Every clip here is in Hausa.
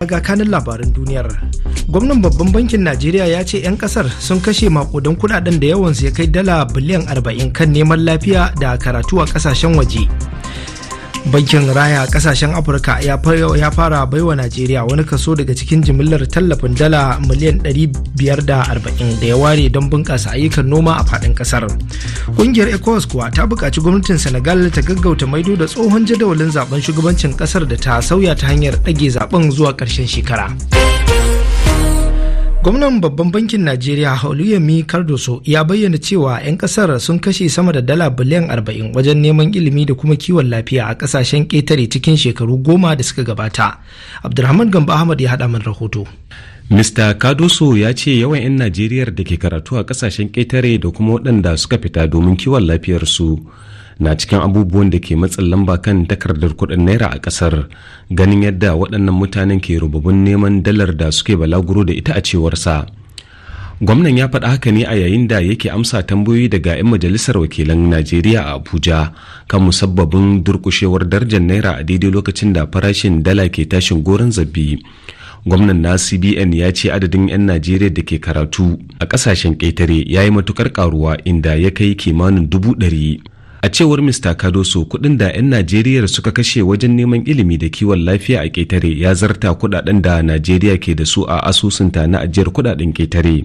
ga kanin labarin duniyar gwamnan babban bankin najeriya ya ce 'yan kasar sun kashe makudan kudaden da yawansu ya kai dala biliyan 40 kan neman lafiya da karatu a kasashen waje bankin raya kasashen afirka ya fara baiwa najeriya wani kaso daga cikin jimillar tallafin dala miliyan 540 da ya ware don bunƙasa ayyukan noma a fadin ƙasar ƙungiyar ecowas kuwa ta bukaci gwamnatin senegal ta gaggauta maido da tsohon jadawalin zaben shugabancin ƙasar da ta sauya ta hanyar ɗage zaben zuwa ƙarshen shekara. gwamnan babban bankin najeriya hauluyemi cardoso ya bayyana cewa 'yan kasar sun kashe sama da dala biliyan 40 wajen neman ilimi da kuma kiwon lafiya a kasashen ƙetare cikin shekaru goma da suka gabata abdulrahman gamba ahmad ya haɗa min rahoto Mr. Kadoso ya ce yawan 'yan Najeriyar da ke karatu a kasashen ƙetare da kuma waɗanda suka fita domin kiwon lafiyarsu na cikin abubuwan da ke matsin lamba kan takardar kuɗin naira a ƙasar ganin yadda waɗannan mutanen ke rububin neman dalar da suke balaguro da ita a cewarsa gwamnan ya faɗa haka ne a yayin da yake amsa tambayoyi daga 'yan majalisar wakilan najeriya a abuja kan musabbabin durƙushewar darajar naira a daidai lokacin da farashin dala ke tashin goron zabi gwamnan na cbn ya ce adadin 'yan najeriya da ke karatu a ƙasashen ƙetare ya yi matukar ƙaruwa, inda ya kai kimanin dubu ɗari a cewar mr kadoso kudin da 'yan najeriya suka kashe wajen neman ilimi da kiwon lafiya a ƙetare ya zarta kudaden da najeriya ke da su a asusunta na ajiyar kudaden ketare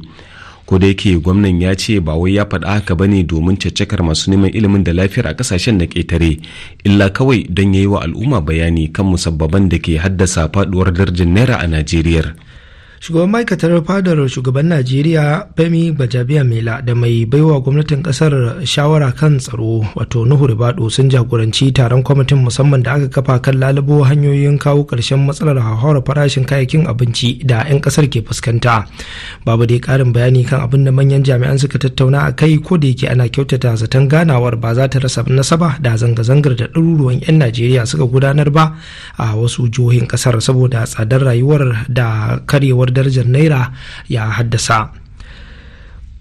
ko da yake gwamnan ya ce ba wai ya faɗa haka ba ne domin caccakar masu neman ilimin da lafiyar a ƙasashen na ƙetare illa kawai don ya yi wa al'umma bayani kan musabbaban da ke haddasa faɗuwar darajar naira a najeriya shugaban ma'aikatar fadar shugaban najeriya femi bajabiya mela da mai baiwa gwamnatin kasar shawara kan tsaro wato nuhu ribado sun jagoranci taron kwamitin musamman da aka kafa kan lalabo hanyoyin kawo ƙarshen matsalar hauhawar farashin kayayyakin abinci da 'yan kasar ke fuskanta babu dai ƙarin bayani kan abin da manyan jami'an suka tattauna a kai ko da yake ana kyautata zaton ganawar ba za ta rasa nasaba da zanga-zangar da ɗaruruwan 'yan najeriya suka gudanar ba a wasu jihohin kasar saboda tsadar rayuwar da karewar faduwar darajar naira ya haddasa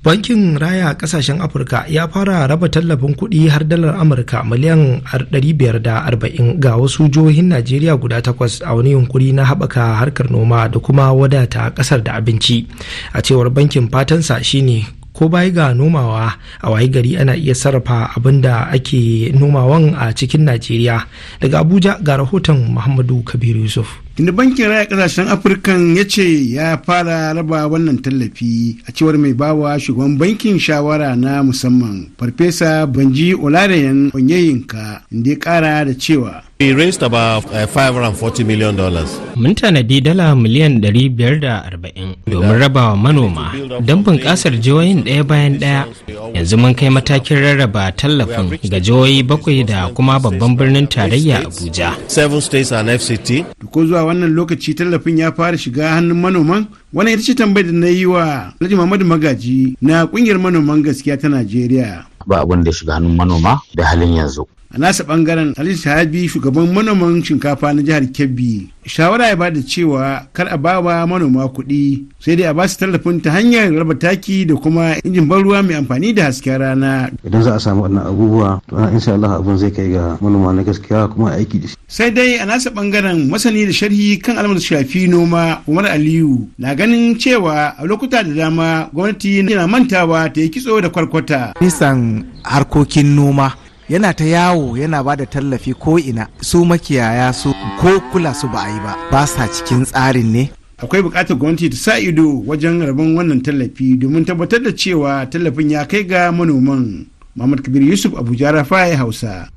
bankin raya kasashen afirka ya fara raba tallafin kuɗi har dalar amurka miliyan 540 ga wasu jihohin najeriya guda takwas a wani yunkuri na haɓaka harkar noma da kuma wadata ƙasar da abinci a cewar bankin fatansa shine ko baya ga nomawa a wayi gari ana iya sarrafa abin da ake nomawan a cikin najeriya daga abuja ga rahoton muhammadu kabiru yusuf inda bankin raya kasashen afirkan ya ce ya fara raba wannan tallafi a cewar mai bawa shugaban bankin shawara na musamman farfesa banji olarayan onyeyinka inda ya kara da cewa We raised about 540 uh, million dollars. Mun tanadi dala miliyan 540 domin raba wa manoma don bunƙasar jihohin ɗaya bayan ɗaya. Yanzu mun kai matakin rarraba tallafin ga jihohi bakwai da kuma babban birnin tarayya Abuja. Seven states and FCT. Ko zuwa wannan lokaci tallafin ya fara shiga hannun manoman wannan ita ce tambayar da na yi wa alhaji muhammadu magaji na kungiyar manoman gaskiya ta najeriya ba abin da shiga hannun manoma da halin yanzu a nasa bangaren ta shugaban manoman shinkafa na jihar Kebbi shawara ya bada cewa kar a bawa manoma kuɗi sai dai a basu tallafin ta hanyar raba taki da kuma injin ban ruwa mai amfani da hasken rana idan za a samu wannan abubuwa to ana insha Allah abun zai kai ga manoma na gaskiya kuma aiki da shi sai dai a nasa bangaren masani da sharhi kan al'amuran shafi noma Umar Aliyu na ganin cewa a lokuta da dama gwamnati na mantawa ta yi kitso da kwarkwata bisan harkokin noma yana ta yawo yana ba da tallafi ko ina su makiyaya su ko kula su ba a yi ba ba sa cikin tsarin ne akwai bukatar gwamnati ta sa ido wajen rabon wannan tallafi domin tabbatar da cewa tallafin ya kai ga manoman Muhammad Kabir Yusuf Abuja Rafai Hausa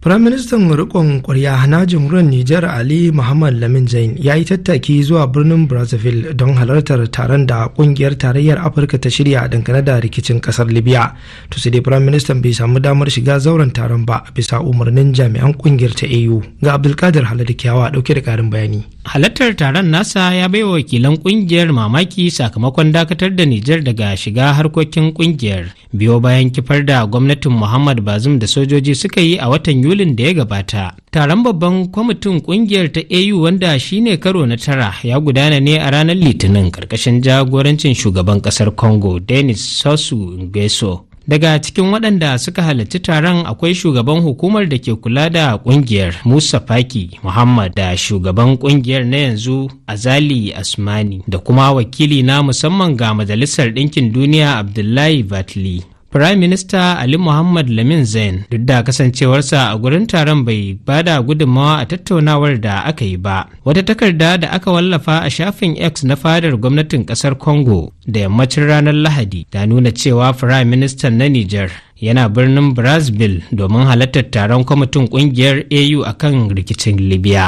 Firaministan rikon kwarya na jamhuriyar Nijar Ali Muhammad Lamin Zain ya yi tattaki zuwa birnin Brazzaville don halartar taron da kungiyar tarayyar Afirka ta shirya dangane da rikicin kasar Libya. To sai dai Firaministan bai samu damar shiga zauren taron ba bisa umarnin jami'an kungiyar ta AU ga Abdulkadir Haladu Kiyawa dauke da karin bayani. halartar taron nasa ya baiwa wakilan kungiyar mamaki sakamakon dakatar da nijar daga shiga harkokin kungiyar biyo bayan kifar da gwamnatin muhammad bazum da sojoji suka yi a watan yulin da ya gabata taron babban kwamitin kungiyar ta au wanda shine karo na tara ya gudana ne a ranar litinin karkashin jagorancin shugaban kasar congo denis sassou nguesso daga cikin waɗanda suka halarci taron akwai shugaban hukumar da ke kula da ƙungiyar musa faki muhammad da shugaban ƙungiyar na yanzu azali asmani da kuma wakili na musamman ga majalisar ɗinkin duniya abdullahi Batli. Prime Minister Ali Muhammad Lamin Zain duk da kasancewarsa a gurin taron bai bada gudunmawa a tattaunawar da aka yi ba. Wata takarda da aka wallafa a shafin X na fadar gwamnatin kasar Congo da yammacin ranar Lahadi ta nuna cewa Prime Minister na Niger yana birnin Brazzaville domin halartar taron kwamitin kungiyar AU akan rikicin Libya.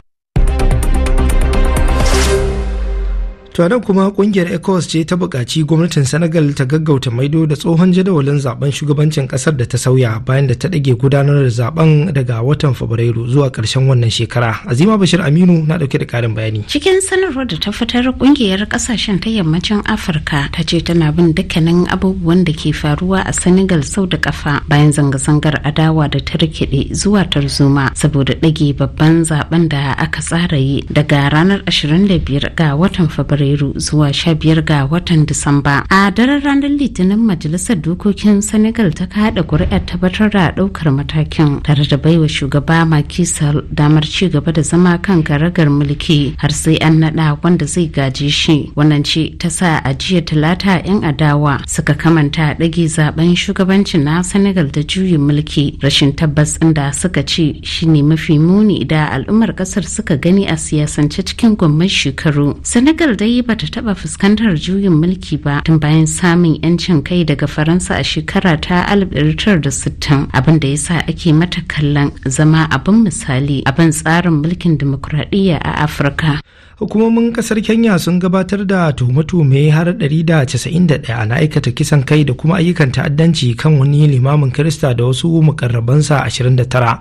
to nan kuma kungiyar ecos ce ta bukaci gwamnatin senegal ta gaggauta maido da tsohon jadawalin zaben shugabancin ƙasar da ta sauya bayan da ta ɗage gudanar da zaben daga watan fabrairu zuwa ƙarshen wannan shekara azima bashir aminu na ɗauke da ƙarin bayani cikin sanarwar da ta fitar kungiyar ƙasashen ta yammacin afirka ta ce tana bin dukkanin abubuwan da ke faruwa a senegal sau da kafa bayan zanga-zangar adawa da ta rikide zuwa tarzoma saboda dage babban zaben da aka tsara yi daga ranar 25 ga watan fabrairu Fabrairu zuwa 15 ga watan Disamba. A daren ranar Litinin Majalisar Dokokin Senegal ta kaɗa kuri'ar tabbatar da ɗaukar matakin tare da baiwa shugaba Macky Sall damar ci gaba da zama kan garagar mulki har sai an naɗa wanda zai gaje shi. Wannan ce ta sa a jiya talata 'yan adawa suka kamanta ɗage zaben shugabancin na Senegal da juyin mulki rashin tabbas inda suka ce shine mafi muni da al'ummar ƙasar suka gani a siyasance cikin gwamnati shekaru. Senegal dai dai ta taba fuskantar juyin mulki ba tun bayan samun yancin kai daga faransa a shekara ta 1960 abin da yasa ake mata kallon zama abin misali abin tsarin mulkin dimokuraɗiyya a afirka hukumomin kasar kenya sun gabatar da tuhume-tuhume har 191 na aikata kisan kai da kuma ayyukan ta'addanci kan wani limamin kirista da wasu mukarrabansa 29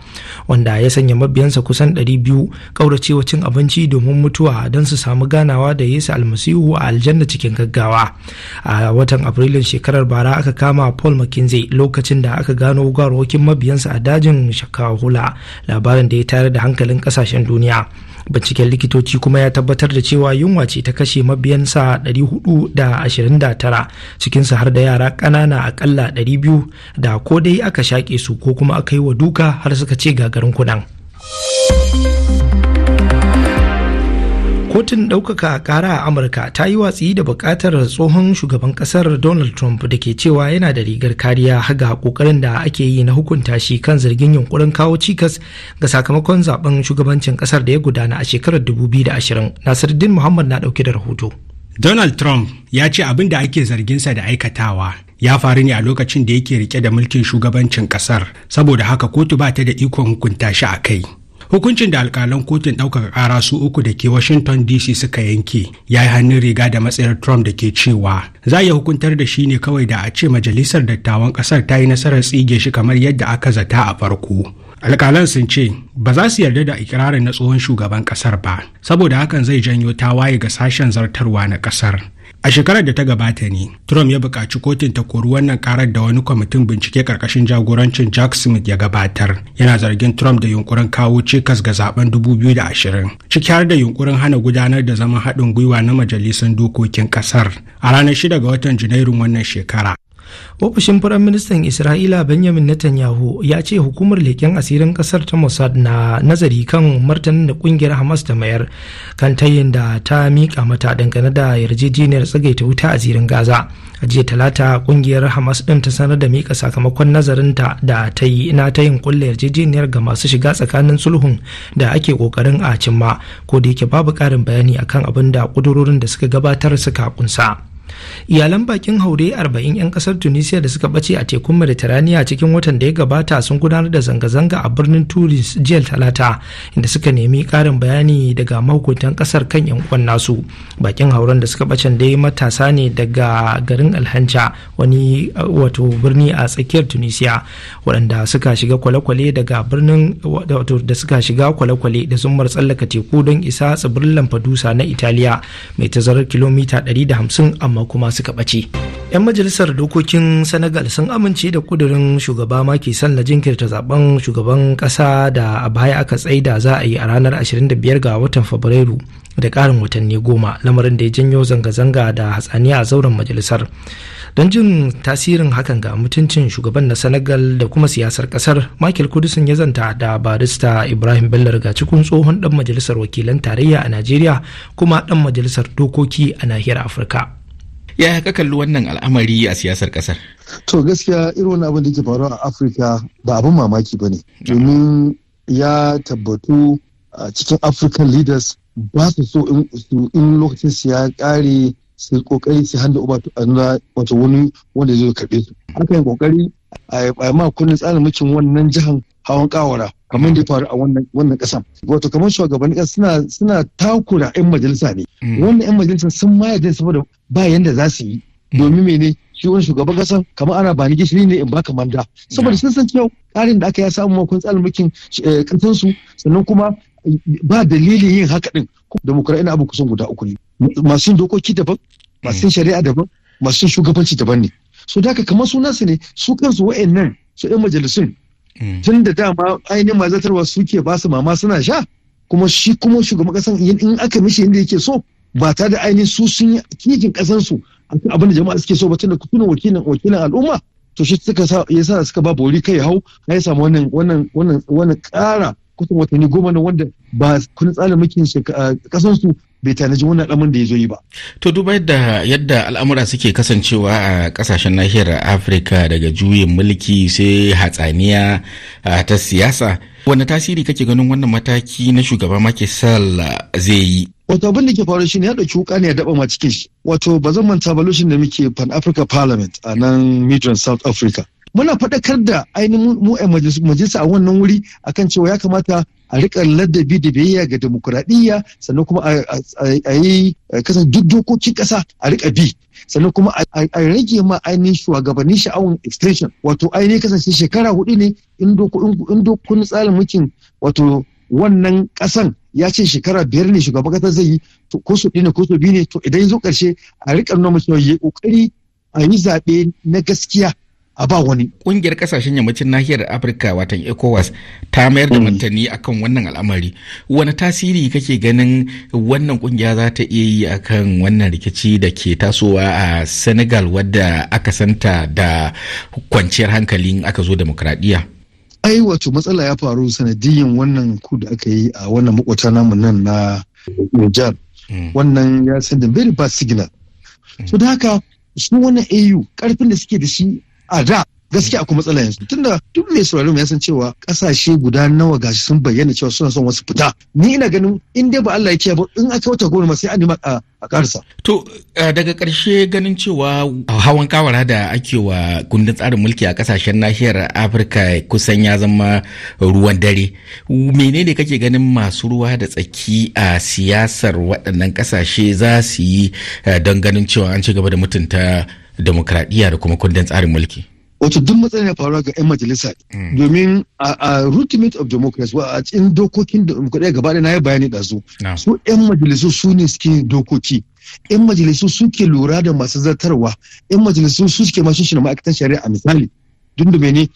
wanda ya sanya mabiyansa kusan 200 kauracewa cin abinci domin mutuwa don su samu ganawa da yesu almasihu a aljanna cikin gaggawa a watan afrilun shekarar bara aka kama paul mckinsey lokacin da aka gano garwakin mabiyansa a dajin shakahula labarin da ya tayar da hankalin kasashen duniya binciken likitoci kuma ya tabbatar da cewa yunwa ce ta kashe mabiyansa 429 cikinsu har da yara ƙanana akalla 200 da ko dai aka shaƙe su ko kuma aka yi wa duka har suka ce gagarin kuɗan. kotun ɗaukaka ƙara a amurka ta yi watsi da buƙatar tsohon shugaban ƙasar donald trump da ke cewa yana da rigar kariya haga ƙoƙarin da ake yi na hukunta shi kan zargin yunkurin kawo cikas ga sakamakon zaben shugabancin ƙasar da ya gudana a shekarar 2020 nasiruddin muhammad na ɗauke da rahoto donald trump ya ce abin da ake zarginsa da aikatawa ya faru ne a lokacin da yake rike da mulkin shugabancin ƙasar, saboda haka kotu ba ta da ikon hukunta shi a kai hukuncin da alkalan kotun ɗaukaka ƙara su uku da ke washington dc suka yanke ya yi hannun riga da matsayar trump da ke cewa za ya hukuntar da shi ne kawai da a ce majalisar dattawan ƙasar ta yi nasarar tsige shi kamar yadda aka zata a farko alkalan sun ce ba za su yarda da ikirarin na tsohon shugaban ƙasar ba saboda hakan zai janyo tawaye ga sashen zartarwa na ƙasar. A shekarar da ta gabata ne, Trump ya buƙaci kotun ta kori wannan karar da wani kwamitin bincike ƙarƙashin jagorancin Jack Smith ya gabatar. Yana zargin Trump da yunkurin kawo cikas ga zaben 2020, ciki har da yunkurin hana gudanar da zaman haɗin gwiwa na majalisun dokokin ƙasar a ranar 6 ga watan Janairun wannan shekara. ofishin firaministan isra'ila benjamin netanyahu ya ce hukumar leken asirin kasar ta mossad na nazari kan martanin da kungiyar hamas ta mayar kan tayin da ta mika mata dangane da yarjejeniyar tsagaita wuta a zirin gaza a jiya talata ƙungiyar hamas din ta sanar da mika sakamakon nazarin ta da ta yi na yin kulle yarjejeniyar ga masu shiga tsakanin sulhun da ake kokarin a cimma ko da yake babu karin bayani akan abin da kudurorin da suka gabatar suka kunsa. iyalan bakin haure 40 'yan kasar tunisia da suka bace a tekun mediterania cikin watan da ya gabata sun gudanar da zanga-zanga a birnin turis jiya talata inda suka nemi karin bayani daga mahukuntan kasar kan 'yan uwan nasu bakin hauren da suka bacen dai matasa ne daga garin alhanca wani wato birni a tsakiyar tunisia waɗanda suka shiga kwale-kwale daga birnin wato da suka shiga kwale-kwale da sun tsallaka teku don isa tsibirin lamfadusa na italiya mai tazarar kilomita 150 a kuma suka ɓace. 'Yan majalisar dokokin Senegal sun amince da kudurin shugaba Macky Sall na jinkirta zaben shugaban ƙasa da a baya aka tsaida za a yi a ranar 25 ga watan Fabrairu da ƙarin watanni goma lamarin da ya janyo zanga-zanga da hatsaniya a zauren majalisar. Don jin tasirin hakan ga mutuncin shugaban na Senegal da kuma siyasar ƙasar, Michael Kudusin ya zanta da barista Ibrahim Bello daga cikin tsohon ɗan majalisar wakilan tarayya a Najeriya kuma ɗan majalisar dokoki a nahiyar Afirka. ya ka kalli wannan al'amari a siyasar kasar to gaskiya irin wani abin da ke faruwa a afirka ba abin mamaki ba ne domin ya tabbatu a cikin african leaders ba su so in lokacin su ya kare su kokari su handa uba wato wani wanda zai karbe su aka yi kokari a ma kunnin tsarin mulkin wannan jihan hawan kawara kamar da ya faru a wannan kasan wato kamar shugabanni kasa suna suna takura yan majalisa ne mm. wannan yan majalisa sun ma yadda saboda ba yanda za su yi mm. domin mene shi wani shugaban kasan kamar ana bani gishiri ne in baka manda saboda sun san cewa karin da aka ya samu makon tsalmakin kasan eh, su sannan kuma eh, ba dalilin yin haka din demokra ina abu kusan guda uku ne masu dokoki daban masu mm. shari'a daban masu shugabanci daban ne so da haka kamar sunansu ne su kansu wa'annan su yan majalisun Mm. tun da dama ainihin mazatarwa suke ba su mama suna sha kuma shi kuma shugaban kasan in aka mishi inda yake so ba ta da ainihin su sun yi kikin kasan su abin da jama'a suke so ba tun da kuna wakilin wakilin al'umma to shi suka sa yasa suka ba bori kai hau ya samu wannan wannan wannan wannan ƙara kusan watanni goma na wanda ba kun tsara mulkin kasan su bai tanaji wannan al'amarin da ya zo yi ba. To duba yadda yadda al'amura suke kasancewa a kasashen nahiyar Afirka daga juyin mulki sai hatsaniya ta siyasa. Wanne tasiri kake ganin wannan mataki na shugaba Macky Sall zai yi? Wato abin da ke faru shi ne ya ɗauki wuka ne ya daɓa ma cikin shi. Wato ba zan manta ba lokacin da muke Pan Africa Parliament a nan Midland South Africa. muna faɗakar da ainihin mu a majalisa a wannan wuri akan cewa ya kamata a riƙa ladabi da biyayya ga demokuraɗiyya sannan kuma a yi kasan duk dokokin ƙasa a riƙa bi sannan kuma a rage ma ainihin shugabannin sha'awun extension wato ainihin kasance shekara hudu ne in dokokin tsarin mulkin wato wannan ƙasan ya ce shekara biyar ne shugaban ƙasa zai yi ko su ɗi ne ko su biyu ne to idan ya zo ƙarshe a riƙa nuna mace ya ƙoƙari a yi zaɓe na gaskiya a ba wani kungiyar kasashen yammacin nahiyar afirka watan ecowas ta mayar da mm. martani akan wannan al'amari wani tasiri kake ganin wannan kungiya za ta iya yi akan wannan rikici da ke tasowa a senegal wadda aka santa da kwanciyar hankalin aka zo demokradiyya ai wato matsala ya faru sanadiyyan wannan ku da aka yi a wannan makwata namu nan na Nijar mm. wannan ya sanda very bad signal mm. so da haka su wannan AU karfin da suke da shi a da gaskiya akwai matsala yanzu tunda duk mai sauraron ya san cewa kasashe guda nawa gashi sun bayyana cewa suna son wasu fita ni ina ganin in dai ba Allah ya kiyaye in aka wata goma sai an nima a karsa to daga karshe ganin cewa hawan kawara da ake wa kundin tsarin mulki a kasashen nahiyar Afirka kusan ya zama ruwan dare menene kake ganin masu ruwa da tsaki a siyasar waɗannan kasashe za su yi eh, don ganin cewa an ci gaba da mutunta demokradiyya da kuma kundin tsarin mulki wato duk matsalar ya faruwa ga 'yan majalisa hmm. domin a rootimate of democracy wa a cikin dokokin da kuɗai gaba da na yi bayani da su su 'yan majalisu su ne suke dokoki 'yan majalisu suke lura da masu zartarwa 'yan majalisu su suke masu shi na ma'aikatan shari'a misali dundube ne